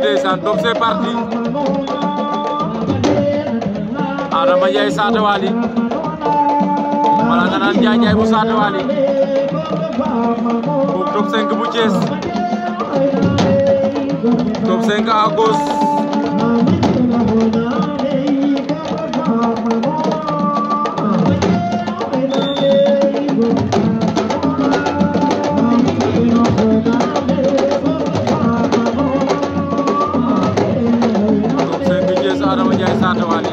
ndeysaan donc c'est parti Adama Ndiaye Saate Waly wala nga naan Ndiaye bu Saate Waly boobu top 5 bu Thiès top 5 à Saata Waly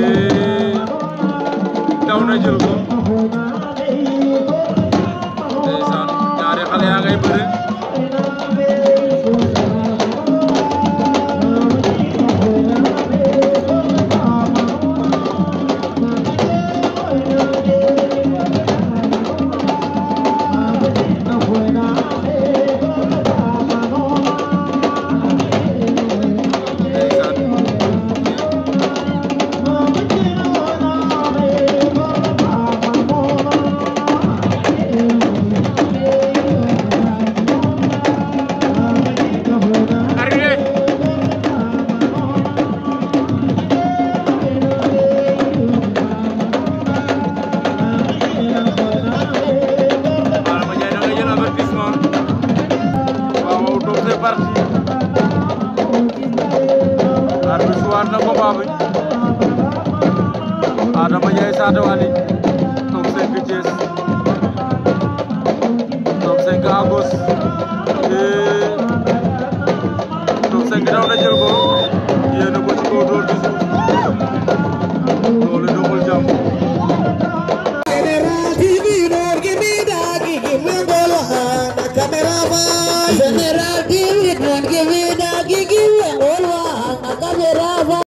eh, daw na jël ko ndeysaan ñaari xale yaa ngay bëre arbi suwaat na ko baabi Adama Ndiaye Saate Wali top 5 Thiès top 5 Agos top na jël ko yéen a ko ci kaw dóor Acá verá.